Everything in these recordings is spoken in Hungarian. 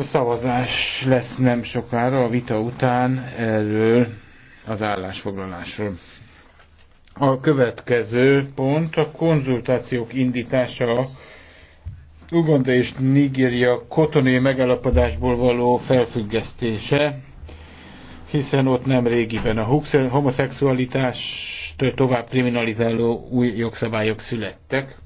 Szavazás lesz nem sokára a vita után erről az állásfoglalásról. A következő pont a konzultációk indítása Uganda és Nigéria kotonai megállapodásból való felfüggesztése, hiszen ott nem régiben a homoszexualitást tovább kriminalizáló új jogszabályok születtek.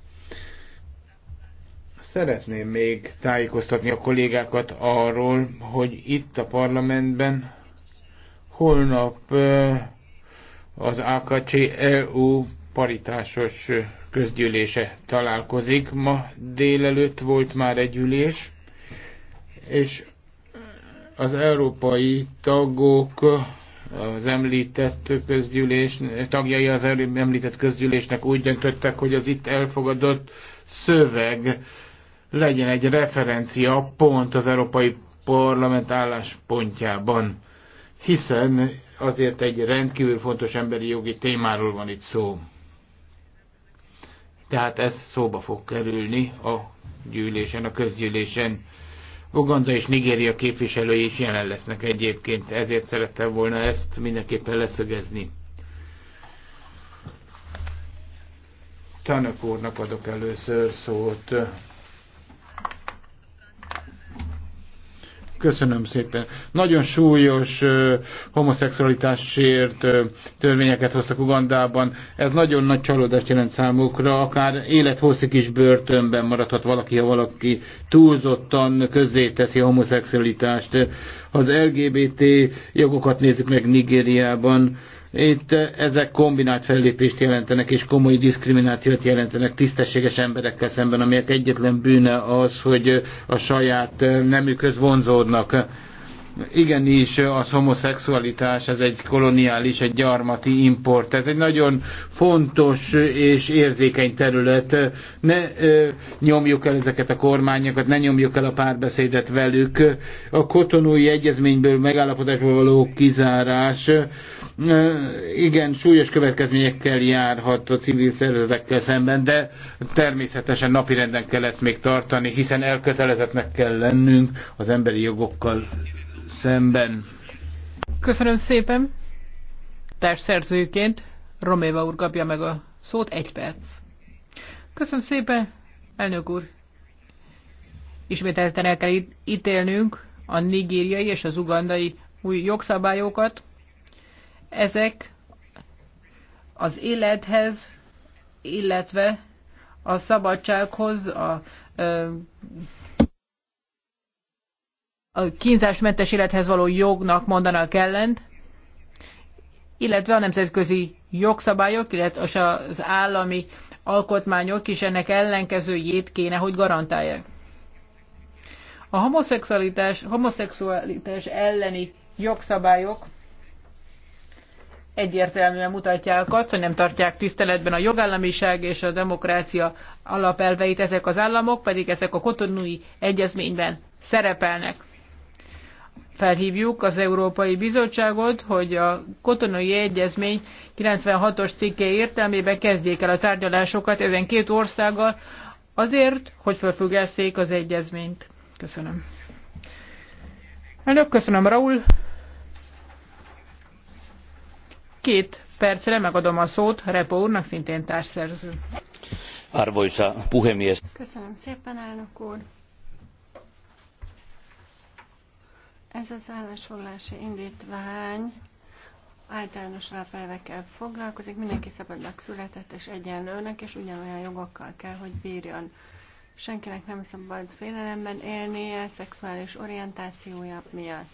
Szeretném még tájékoztatni a kollégákat arról, hogy itt a parlamentben holnap az AKC EU paritásos közgyűlése találkozik. Ma délelőtt volt már egy ülés, és az európai tagok az említett közgyűlés, tagjai az említett közgyűlésnek úgy döntöttek, hogy az itt elfogadott szöveg legyen egy referencia pont az Európai Parlament álláspontjában, hiszen azért egy rendkívül fontos emberi jogi témáról van itt szó. Tehát ez szóba fog kerülni a gyűlésen, a közgyűlésen. Uganda és Nigéria képviselői is jelen lesznek egyébként, ezért szerettem volna ezt mindenképpen leszögezni. Tanak úrnak adok először szót. Köszönöm szépen. Nagyon súlyos ö, ö, törvényeket hoztak Ugandában. Ez nagyon nagy csalódást jelent számukra. Akár élethosszig is börtönben maradhat valaki, ha valaki túlzottan teszi a homoszexualitást. Az LGBT jogokat nézzük meg Nigériában itt eh, ezek kombinált fellépést jelentenek, és komoly diszkriminációt jelentenek tisztességes emberekkel szemben, amelyek egyetlen bűne az, hogy eh, a saját eh, nemükhöz vonzódnak igenis a homoszexualitás, ez egy koloniális, egy gyarmati import. Ez egy nagyon fontos és érzékeny terület. Ne ö, nyomjuk el ezeket a kormányokat, ne nyomjuk el a párbeszédet velük. A kotonói egyezményből, megállapodásból való kizárás ö, igen, súlyos következményekkel járhat a civil szervezetekkel szemben, de természetesen napirenden kell ezt még tartani, hiszen elkötelezettnek kell lennünk az emberi jogokkal szemben. Köszönöm szépen. Társszerzőként Roméva úr kapja meg a szót egy perc. Köszönöm szépen, elnök úr. Ismételten el kell ítélnünk a nigériai és az ugandai új jogszabályokat. Ezek az élethez, illetve a szabadsághoz, a a kínzásmentes élethez való jognak mondanak ellent, illetve a nemzetközi jogszabályok, illetve az állami alkotmányok is ennek ellenkezőjét kéne, hogy garantálják. A homoszexualitás, homoszexualitás elleni jogszabályok egyértelműen mutatják azt, hogy nem tartják tiszteletben a jogállamiság és a demokrácia alapelveit ezek az államok, pedig ezek a kotonui egyezményben szerepelnek felhívjuk az Európai Bizottságot, hogy a kotonai egyezmény 96-os cikke értelmében kezdjék el a tárgyalásokat ezen két országgal azért, hogy felfüggesszék az egyezményt. Köszönöm. Elnök, köszönöm, Raul. Két percre megadom a szót Repo úrnak, szintén társszerző. Arvoisa puhemies. Köszönöm szépen, elnök úr. Ez az állásfoglalási indítvány általános alapelvekkel foglalkozik, mindenki szabadnak született és egyenlőnek, és ugyanolyan jogokkal kell, hogy bírjon. Senkinek nem szabad félelemben élnie, szexuális orientációja miatt.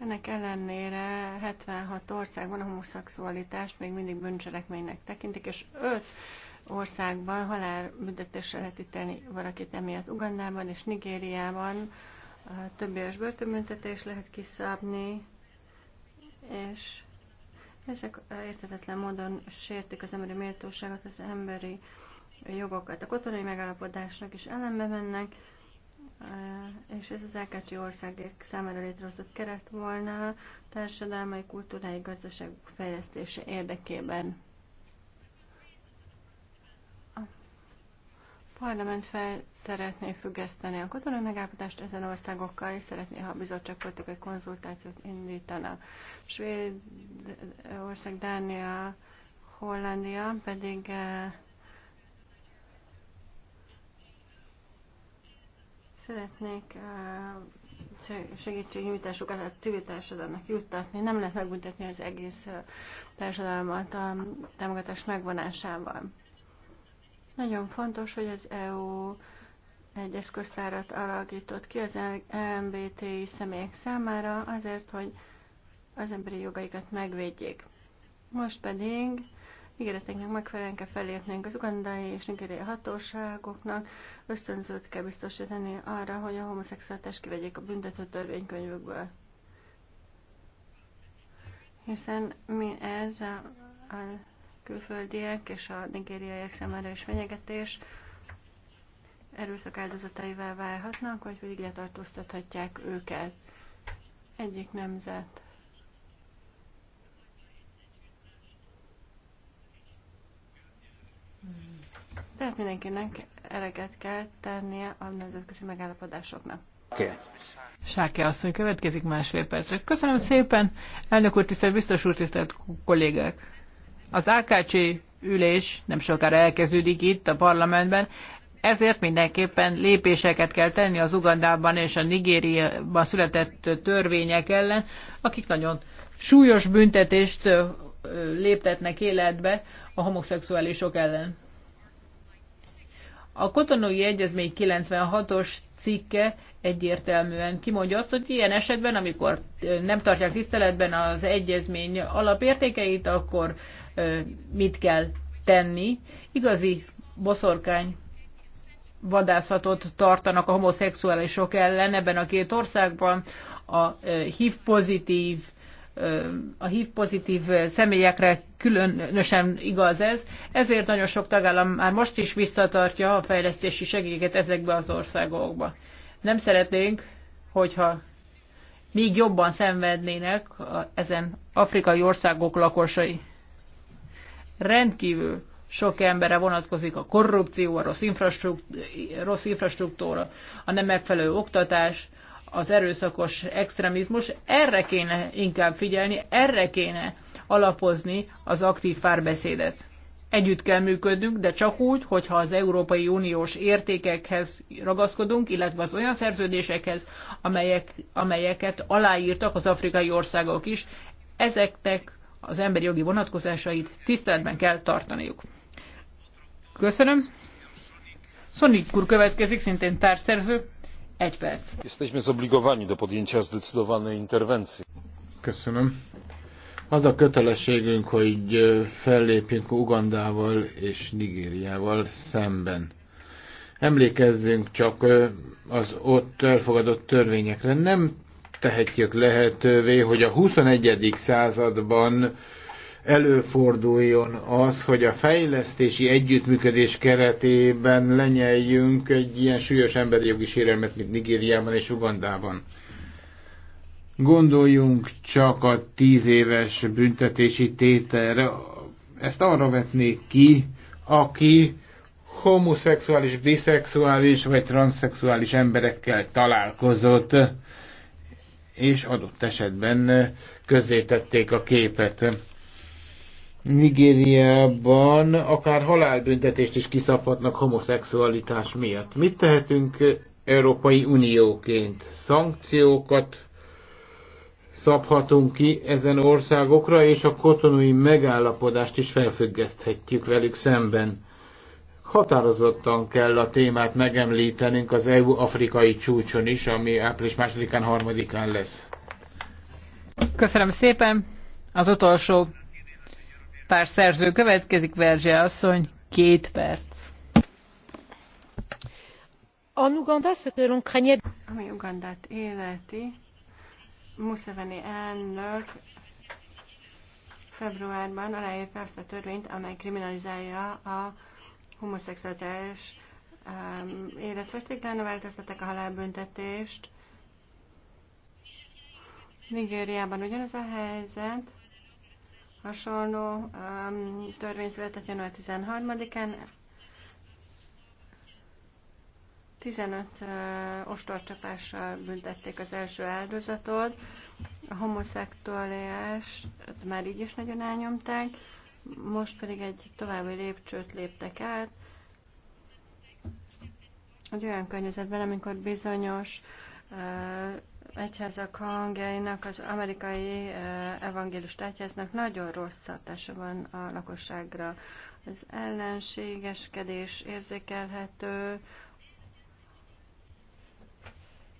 Ennek ellenére 76 országban a homoszexualitást még mindig bűncselekménynek tekintik, és 5 országban halálbüntetésre lehet ítélni valakit emiatt. Ugandában és Nigériában több éves börtönbüntetés lehet kiszábni, és ezek értetetlen módon sértik az emberi méltóságot, az emberi jogokat. A kotonai megállapodásnak is ellenbe mennek, eh, és ez az LKC országok számára létrehozott keret volna társadalmai, kultúrái, gazdaságok fejlesztése érdekében. parlament fel szeretné függeszteni a katonai megállapodást ezen országokkal, és szeretné, ha a bizottság politikai konzultációt indítana. Svédország, Dánia, Hollandia pedig eh, szeretnék eh, segítségnyújtásokat a civil társadalomnak juttatni. Nem lehet megbüntetni az egész eh, társadalmat a támogatás megvonásával. Nagyon fontos, hogy az EU egy eszköztárat alakított ki az LMBTI személyek számára azért, hogy az emberi jogaikat megvédjék. Most pedig ígéreteknek megfelelően kell felépnünk az ugandai és nigeriai hatóságoknak, ösztönzőt kell biztosítani arra, hogy a homoszexuális kivegyék a büntető törvénykönyvükből. Hiszen mi ez a, a külföldiek és a nigériaiak számára is fenyegetés erőszak áldozataival válhatnak, vagy pedig letartóztathatják őket. Egyik nemzet. Tehát mindenkinek eleget kell tennie a nemzetközi megállapodásoknak. Okay. Sáke asszony következik másfél percre. Köszönöm szépen, elnök úr, tisztelt biztos úr, tisztelt kollégák! Az AKC ülés nem sokára elkezdődik itt a parlamentben, ezért mindenképpen lépéseket kell tenni az Ugandában és a Nigériában született törvények ellen, akik nagyon súlyos büntetést léptetnek életbe a homoszexuálisok ellen. A kotonói egyezmény 96-os cikke egyértelműen kimondja azt, hogy ilyen esetben, amikor nem tartják tiszteletben az egyezmény alapértékeit, akkor mit kell tenni. Igazi boszorkány vadászatot tartanak a homoszexuálisok ellen ebben a két országban. A HIV pozitív a HIV pozitív személyekre különösen igaz ez, ezért nagyon sok tagállam már most is visszatartja a fejlesztési segélyeket ezekbe az országokba. Nem szeretnénk, hogyha még jobban szenvednének a, ezen afrikai országok lakosai. Rendkívül sok emberre vonatkozik a korrupció, a rossz, infrastruktúra, rossz infrastruktúra, a nem megfelelő oktatás, az erőszakos extremizmus. Erre kéne inkább figyelni, erre kéne alapozni az aktív párbeszédet. Együtt kell működnünk, de csak úgy, hogyha az Európai Uniós értékekhez ragaszkodunk, illetve az olyan szerződésekhez, amelyek, amelyeket aláírtak az afrikai országok is, ezeknek az emberi jogi vonatkozásait tiszteletben kell tartaniuk. Köszönöm. Szonik úr következik, szintén társszerző. Jesteśmy zobligowani do podjęcia zdecydowanej interwencji. Köszönöm. Az a kötelességünk, hogy e, fellépjünk Ugandával és Nigériával szemben. Emlékezzünk csak e, az ott elfogadott törvényekre. Nem tehetjük lehetővé, hogy a 21. században előforduljon az, hogy a fejlesztési együttműködés keretében lenyeljünk egy ilyen súlyos emberi jogi sérelmet, mint Nigériában és Ugandában. Gondoljunk csak a tíz éves büntetési tételre. Ezt arra vetnék ki, aki homoszexuális, biszexuális vagy transzexuális emberekkel találkozott, és adott esetben közzétették a képet. Nigériában akár halálbüntetést is kiszabhatnak homoszexualitás miatt. Mit tehetünk Európai Unióként? Szankciókat szabhatunk ki ezen országokra, és a kotonói megállapodást is felfüggeszthetjük velük szemben. Határozottan kell a témát megemlítenünk az EU-afrikai csúcson is, ami április másodikán, harmadikán lesz. Köszönöm szépen! Az utolsó pár szerző következik, Verzse asszony, két perc. En Uganda, ce que l'on craignait... Ami Ugandát életi, Museveni elnök februárban aláírta azt a törvényt, amely kriminalizálja a homoszexuális um, életfogytiglán változtatták a halálbüntetést. Nigériában ugyanez a helyzet. Hasonló um, törvény született január 13-án. 15 uh, ostorcsapással büntették az első áldozatot. A homoszexuáliást már így is nagyon elnyomták, most pedig egy további lépcsőt léptek át, egy olyan környezetben, amikor bizonyos uh, egyházak hangjainak, az amerikai evangélus egyháznak nagyon rossz hatása van a lakosságra. Az ellenségeskedés érzékelhető,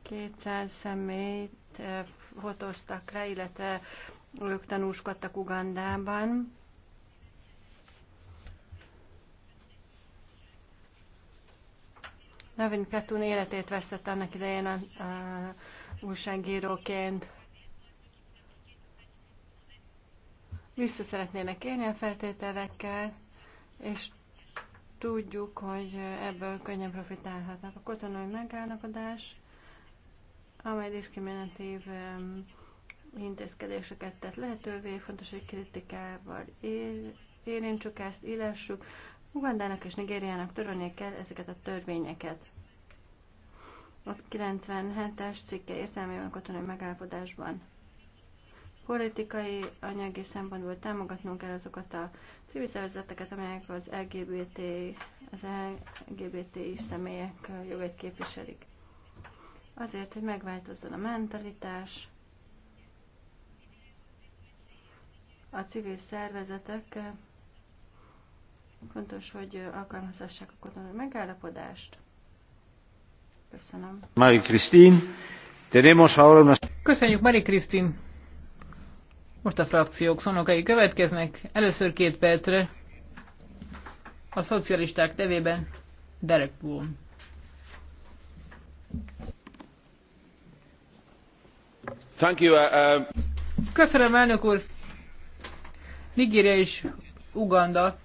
200 személyt fotoztak le, illetve ők tanúskodtak Ugandában. Navin Katun életét vesztette annak idején a, a újságíróként vissza szeretnének élni a feltételekkel, és tudjuk, hogy ebből könnyen profitálhatnak. A katonai megállapodás, amely diszkriminatív intézkedéseket tett lehetővé, fontos, hogy kritikával érintsük ezt, illessük. Ugandának és Nigériának törölni kell ezeket a törvényeket a 97-es cikke értelmében katonai megállapodásban. Politikai, anyagi szempontból támogatnunk kell azokat a civil szervezeteket, amelyek az LGBT, az LGBT személyek jogait képviselik. Azért, hogy megváltozzon a mentalitás, a civil szervezetek fontos, hogy alkalmazhassák a katonai megállapodást. Köszönöm. Mari Krisztin. Tenemos ahora una... Köszönjük, Mari Krisztin. Most a frakciók szonokai következnek. Először két percre. A szocialisták tevében Derek Boone. Thank you, uh, uh... Köszönöm, elnök úr. Nigéria és Uganda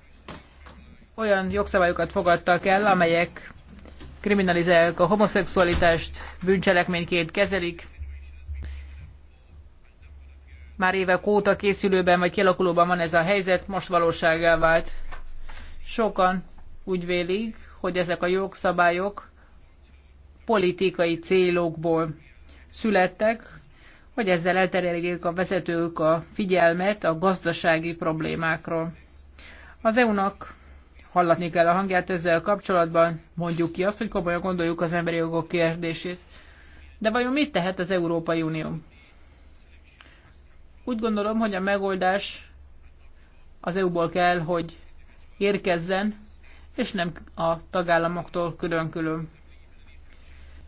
olyan jogszabályokat fogadtak el, amelyek kriminalizálják a homoszexualitást, bűncselekményként kezelik. Már évek óta készülőben vagy kialakulóban van ez a helyzet, most valóságá vált. Sokan úgy vélik, hogy ezek a jogszabályok politikai célokból születtek, hogy ezzel eltereljék a vezetők a figyelmet a gazdasági problémákról. Az EU-nak hallatni kell a hangját ezzel kapcsolatban, mondjuk ki azt, hogy komolyan gondoljuk az emberi jogok kérdését. De vajon mit tehet az Európai Unió? Úgy gondolom, hogy a megoldás az EU-ból kell, hogy érkezzen, és nem a tagállamoktól külön-külön.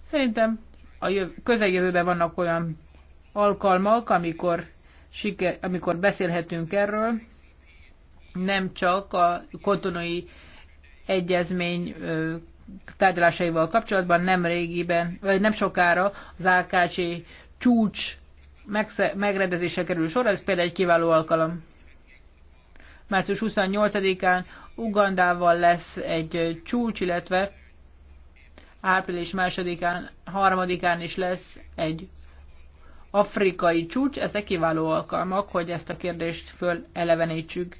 Szerintem a közeljövőben vannak olyan alkalmak, amikor, siker- amikor beszélhetünk erről, nem csak a kotonai egyezmény tárgyalásaival kapcsolatban nem régiben, vagy nem sokára az AKC csúcs megrendezése kerül sor, ez például egy kiváló alkalom. Március 28-án Ugandával lesz egy csúcs, illetve április 2-án, 3-án is lesz egy afrikai csúcs. Ezek kiváló alkalmak, hogy ezt a kérdést fölelevenítsük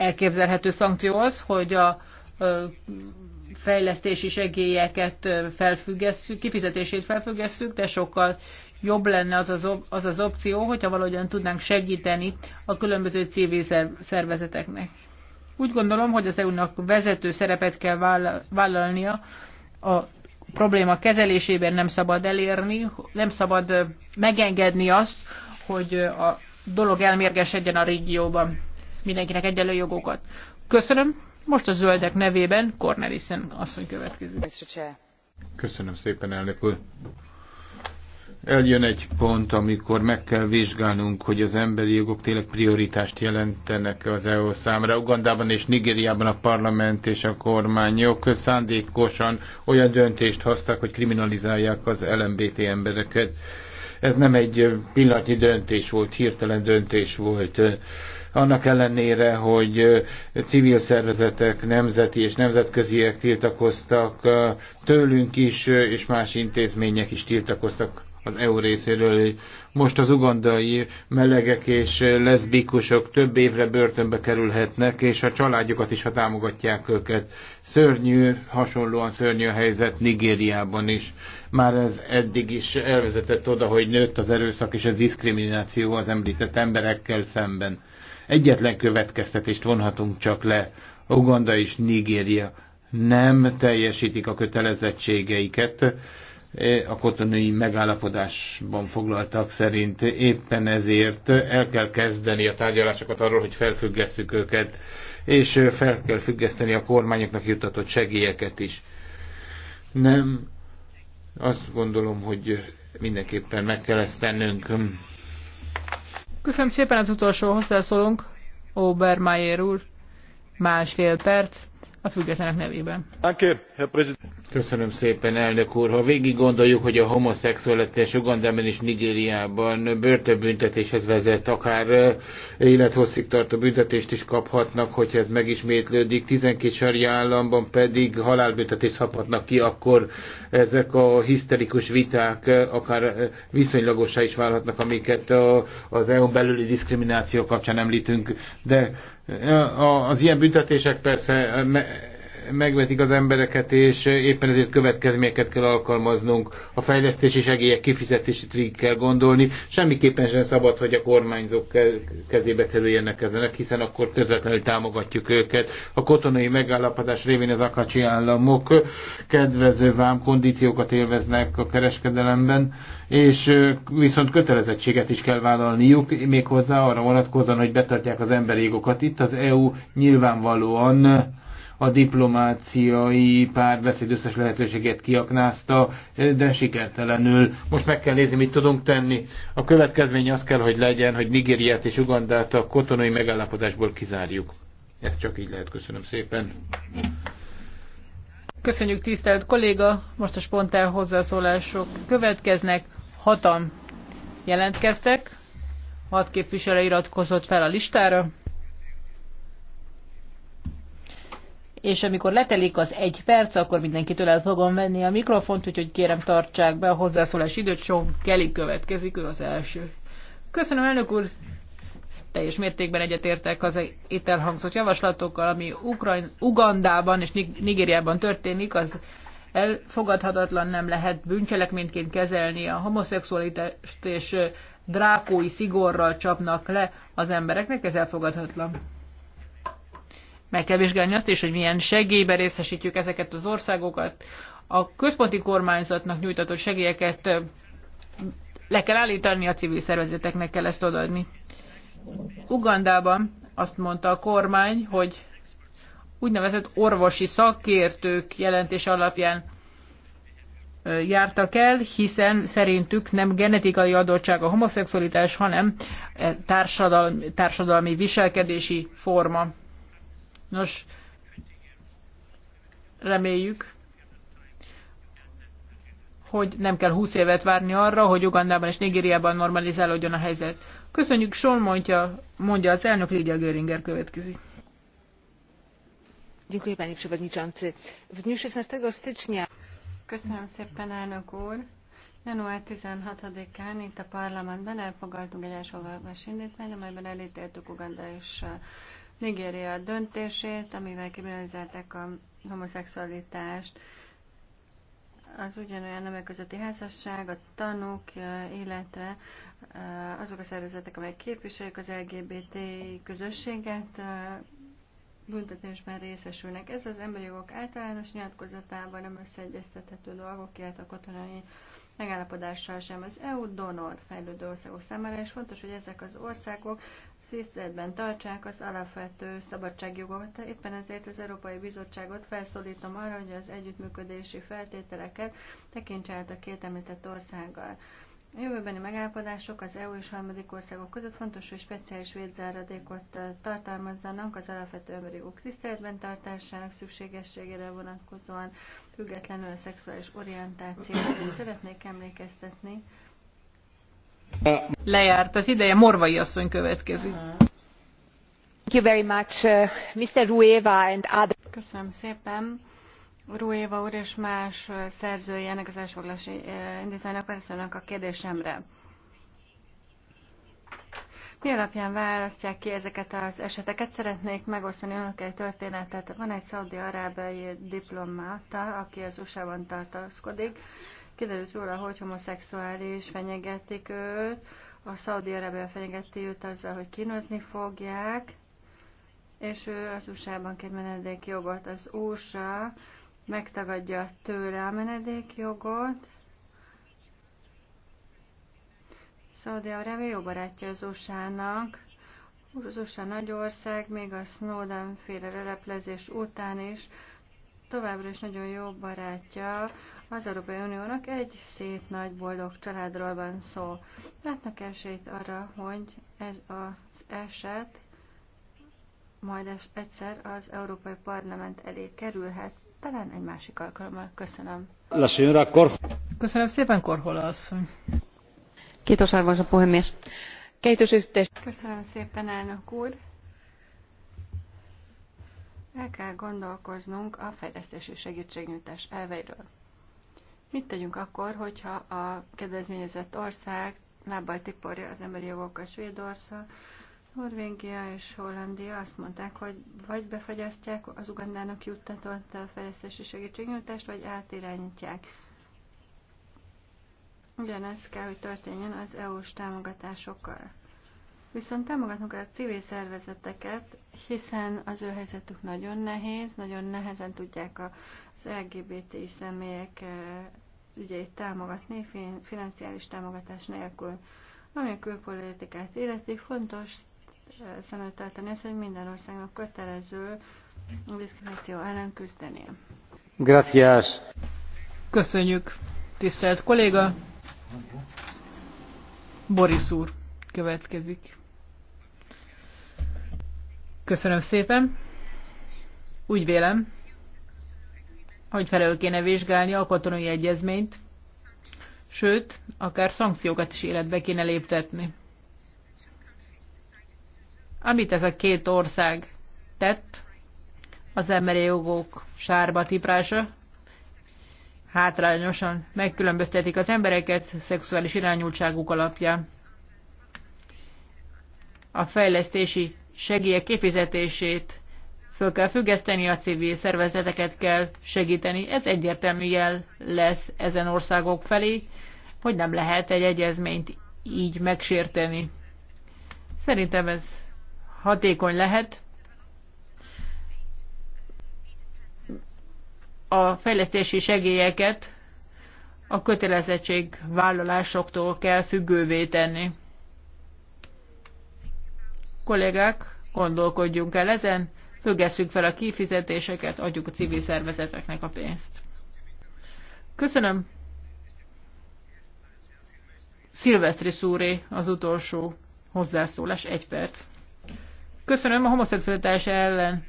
elképzelhető szankció az, hogy a fejlesztési segélyeket felfüggesszük, kifizetését felfüggesszük, de sokkal jobb lenne az az, op- az az opció, hogyha valahogyan tudnánk segíteni a különböző civil szervezeteknek. Úgy gondolom, hogy az EU-nak vezető szerepet kell vállalnia a probléma kezelésében nem szabad elérni, nem szabad megengedni azt, hogy a dolog elmérgesedjen a régióban mindenkinek egyenlő jogokat. Köszönöm. Most a zöldek nevében Cornelissen asszony következik. Köszönöm szépen, elnök úr. Eljön egy pont, amikor meg kell vizsgálnunk, hogy az emberi jogok tényleg prioritást jelentenek az EU számára. Ugandában és Nigériában a parlament és a kormányok szándékosan olyan döntést hoztak, hogy kriminalizálják az LMBT embereket. Ez nem egy pillanatnyi döntés volt, hirtelen döntés volt annak ellenére, hogy civil szervezetek, nemzeti és nemzetköziek tiltakoztak, tőlünk is, és más intézmények is tiltakoztak az EU részéről. Most az ugandai melegek és leszbikusok több évre börtönbe kerülhetnek, és a családjukat is, ha támogatják őket. Szörnyű, hasonlóan szörnyű a helyzet Nigériában is. Már ez eddig is elvezetett oda, hogy nőtt az erőszak és a diszkrimináció az említett emberekkel szemben. Egyetlen következtetést vonhatunk csak le. Uganda és Nigéria nem teljesítik a kötelezettségeiket e, a kotonői megállapodásban foglaltak szerint. Éppen ezért el kell kezdeni a tárgyalásokat arról, hogy felfüggesszük őket, és fel kell függeszteni a kormányoknak juttatott segélyeket is. Nem, azt gondolom, hogy mindenképpen meg kell ezt tennünk. Köszönöm szépen az utolsó hozzászólónk, Obermeier úr, másfél perc a függetlenek nevében. Köszönöm szépen, elnök úr. Ha végig gondoljuk, hogy a homoszexualitás Ugandában és Nigériában börtönbüntetéshez vezet, akár élethosszig tartó büntetést is kaphatnak, hogyha ez megismétlődik, 12 sarja államban pedig halálbüntetést kaphatnak ki, akkor ezek a hiszterikus viták akár viszonylagosá is válhatnak, amiket az eu belüli diszkrimináció kapcsán említünk. De az ilyen büntetések persze megvetik az embereket, és éppen ezért következményeket kell alkalmaznunk. A fejlesztési segélyek kifizetését végig kell gondolni. Semmiképpen sem szabad, hogy a kormányzók kezébe kerüljenek ezenek, hiszen akkor közvetlenül támogatjuk őket. A kotonai megállapodás révén az akacsi államok kedvező vám kondíciókat élveznek a kereskedelemben, és viszont kötelezettséget is kell vállalniuk, méghozzá arra vonatkozóan, hogy betartják az emberi jogokat. Itt az EU nyilvánvalóan a diplomáciai párbeszéd összes lehetőséget kiaknázta, de sikertelenül. Most meg kell nézni, mit tudunk tenni. A következmény az kell, hogy legyen, hogy Nigériát és Ugandát a kotonai megállapodásból kizárjuk. Ez csak így lehet. Köszönöm szépen. Köszönjük tisztelt kolléga, most a spontán hozzászólások következnek. Hatan jelentkeztek, hat képviselő iratkozott fel a listára. és amikor letelik az egy perc, akkor mindenkitől el fogom venni a mikrofont, úgyhogy kérem tartsák be a hozzászólás időt, Sean Kelly következik, ő az első. Köszönöm, elnök úr! Teljes mértékben egyetértek az itt elhangzott javaslatokkal, ami Ukrajn, Ugandában és Nigériában történik, az elfogadhatatlan nem lehet bűncselekményként kezelni a homoszexualitást, és drákói szigorral csapnak le az embereknek, ez elfogadhatatlan meg kell vizsgálni azt is, hogy milyen segélybe részesítjük ezeket az országokat. A központi kormányzatnak nyújtatott segélyeket le kell állítani, a civil szervezeteknek kell ezt odaadni. Ugandában azt mondta a kormány, hogy úgynevezett orvosi szakértők jelentés alapján jártak el, hiszen szerintük nem genetikai adottság a homoszexualitás, hanem e, társadalmi, társadalmi viselkedési forma. Nos, reméljük, hogy nem kell 20 évet várni arra, hogy Ugandában és Nigériában normalizálódjon a helyzet. Köszönjük, Sol mondja, mondja az elnök Lidia Göringer következik. 16 stycznia Köszönöm szépen, elnök úr. Január 16-án itt a parlamentben elfogadtunk egy első olvasindítványt, amelyben elítéltük Uganda és Nigéria döntését, amivel kriminalizálták a homoszexualitást, az ugyanolyan nemek közötti házasság, a tanúk, illetve azok a szervezetek, amelyek képviselik az LGBT közösséget, büntetésben részesülnek. Ez az emberi jogok általános nyilatkozatában nem összeegyeztethető dolgok, illetve a katonai megállapodással sem. Az EU donor fejlődő országok számára, és fontos, hogy ezek az országok tiszteletben tartsák az alapvető szabadságjogokat. Éppen ezért az Európai Bizottságot felszólítom arra, hogy az együttműködési feltételeket tekintse át a két említett országgal. A jövőbeni megállapodások az EU és harmadik országok között fontos, hogy speciális védzáradékot tartalmazzanak az alapvető emberi jogok tiszteletben tartásának szükségességére vonatkozóan, függetlenül a szexuális orientációt. Szeretnék emlékeztetni Lejárt az ideje, Morvai asszony következik. Thank you very much, uh, Mr. Rueva and other... Köszönöm szépen. Rueva úr és más uh, szerzői ennek az elsfoglalási uh, indítványnak válaszolnak a kérdésemre. Mi alapján választják ki ezeket az eseteket? Szeretnék megosztani önökkel egy történetet. Van egy szaudi arábiai diplomata, aki az USA-ban tartózkodik, Kiderült róla, hogy homoszexuális, fenyegették őt, a szaudi arabia fenyegeti őt azzal, hogy kínozni fogják, és ő az USA-ban kér menedékjogot. Az USA megtagadja tőle a menedékjogot, Szaudi-Arabia jó barátja az USA-nak. Az USA nagy ország, még a Snowden féle leleplezés után is továbbra is nagyon jó barátja az Európai Uniónak egy szép, nagy, boldog családról van szó. Látnak esélyt arra, hogy ez az eset majd egyszer az Európai Parlament elé kerülhet, talán egy másik alkalommal. Köszönöm. Köszönöm szépen, Korhola asszony. Kiitos, arvoisa puhemies. Köszönöm szépen, elnök úr. El kell gondolkoznunk a fejlesztési segítségnyújtás elveiről. Mit tegyünk akkor, hogyha a kedvezményezett ország lábbal tiporja az emberi jogokat Svédország, Norvégia és Hollandia azt mondták, hogy vagy befagyasztják az Ugandának juttatott fejlesztési segítségnyújtást, vagy átirányítják. Ugyanez kell, hogy történjen az EU-s támogatásokkal. Viszont támogatunk a civil szervezeteket, hiszen az ő helyzetük nagyon nehéz, nagyon nehezen tudják a az LGBT személyek eh, ügyeit támogatni financiális támogatás nélkül. Ami a külpolitikát illeti, fontos eh, szem előtt tartani ezt, hogy minden országnak kötelező a diszkrimináció ellen küzdeni. Gracias. Köszönjük, tisztelt kolléga. Boris úr következik. Köszönöm szépen. Úgy vélem, hogy felől kéne vizsgálni a katonai egyezményt, sőt, akár szankciókat is életbe kéne léptetni. Amit ez a két ország tett, az emberi jogok sárba tiprása, hátrányosan megkülönböztetik az embereket szexuális irányultságuk alapján. A fejlesztési segélyek kifizetését föl kell függeszteni, a civil szervezeteket kell segíteni. Ez egyértelmű jel lesz ezen országok felé, hogy nem lehet egy egyezményt így megsérteni. Szerintem ez hatékony lehet. A fejlesztési segélyeket a kötelezettség vállalásoktól kell függővé tenni. Kollégák, gondolkodjunk el ezen függesszük fel a kifizetéseket, adjuk a civil szervezeteknek a pénzt. Köszönöm. Szilvesztri Szúré az utolsó hozzászólás, egy perc. Köszönöm a homoszexualitás ellen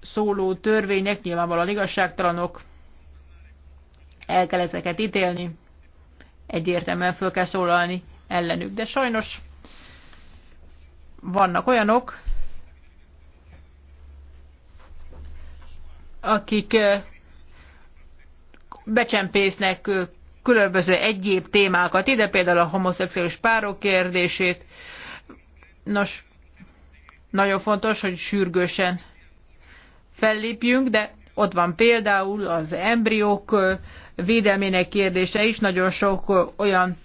szóló törvények nyilvánvalóan igazságtalanok, el kell ezeket ítélni, egyértelműen föl kell szólalni ellenük, de sajnos vannak olyanok, akik becsempésznek különböző egyéb témákat, ide például a homoszexuális párok kérdését. Nos, nagyon fontos, hogy sürgősen fellépjünk, de ott van például az embriók védelmének kérdése is, nagyon sok olyan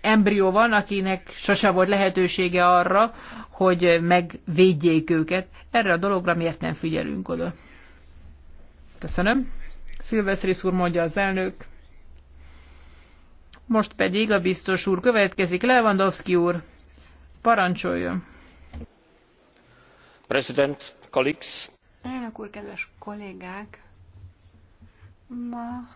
embrió van, akinek sose volt lehetősége arra, hogy megvédjék őket. Erre a dologra miért nem figyelünk oda? Köszönöm. Szilveszris úr mondja az elnök. Most pedig a biztos úr következik. Lewandowski úr, parancsoljon. President, colleagues. Elnök úr, kedves kollégák! Ma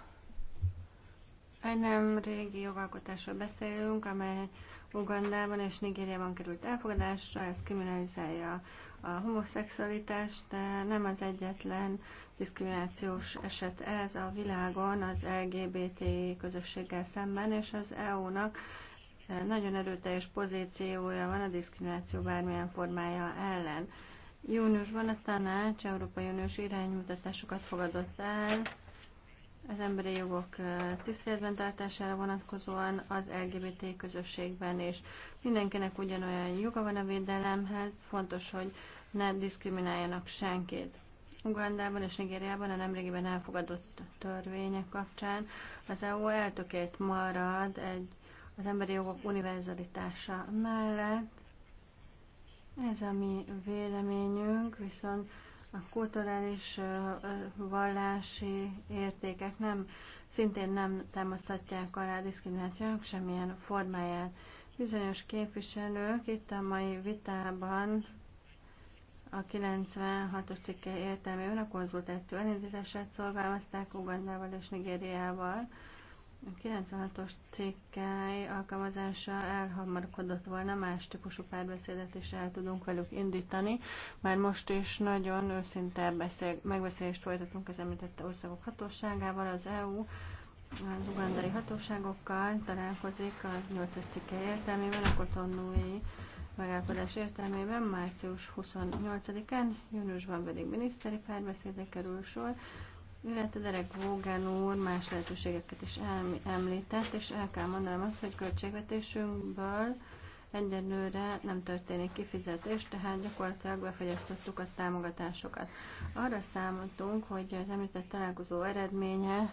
egy nem régi jogalkotásról beszélünk, amely Ugandában és Nigériában került elfogadásra, ez kriminalizálja a homoszexualitást, de nem az egyetlen diszkriminációs eset ez a világon az LGBT közösséggel szemben, és az EU-nak eh, nagyon erőteljes pozíciója van a diszkrimináció bármilyen formája ellen. Júniusban a tanács Európai Uniós iránymutatásokat fogadott el az emberi jogok eh, tiszteletben tartására vonatkozóan az LGBT közösségben, és mindenkinek ugyanolyan joga van a védelemhez, fontos, hogy ne diszkrimináljanak senkit. Ugandában és Nigériában a nemrégiben elfogadott törvények kapcsán az EU eltökélt marad egy, az emberi jogok univerzalitása mellett. Ez a mi véleményünk, viszont a kulturális vallási értékek nem, szintén nem támasztatják alá a diszkriminációnak semmilyen formáját. Bizonyos képviselők itt a mai vitában a 96-os cikke értelmében a konzultáció elindítását szolgálmazták Ugandával és Nigériával. A 96-os cikkely alkalmazása elhamarkodott volna, más típusú párbeszédet is el tudunk velük indítani, már most is nagyon őszinte beszél, megbeszélést folytatunk az említette országok hatóságával, az EU az ugandai hatóságokkal találkozik a 8-as cikke értelmében, a kotonói megállapodás értelmében március 28-án, júniusban pedig miniszteri párbeszédre kerül sor, illetve Derek Vogan úr más lehetőségeket is említett, és el kell mondanom azt, hogy költségvetésünkből egyenlőre nem történik kifizetés, tehát gyakorlatilag befogyasztottuk a támogatásokat. Arra számoltunk, hogy az említett találkozó eredménye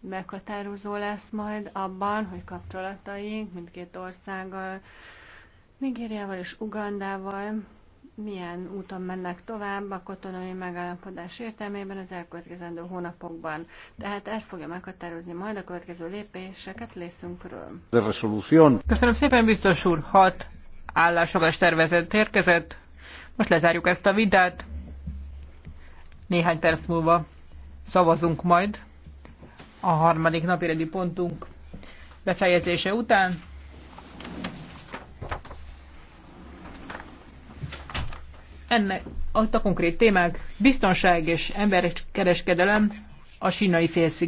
meghatározó lesz majd abban, hogy kapcsolataink mindkét országgal Nigériával és Ugandával milyen úton mennek tovább a katonai megállapodás értelmében az elkövetkezendő hónapokban. Tehát ez fogja meghatározni majd a következő lépéseket részünkről. Köszönöm szépen, biztos úr! Hat Állásolás tervezett érkezett. Most lezárjuk ezt a vitát. Néhány perc múlva szavazunk majd a harmadik napi pontunk befejezése után. ennek a konkrét témák biztonság és emberkereskedelem a sínai félsziget.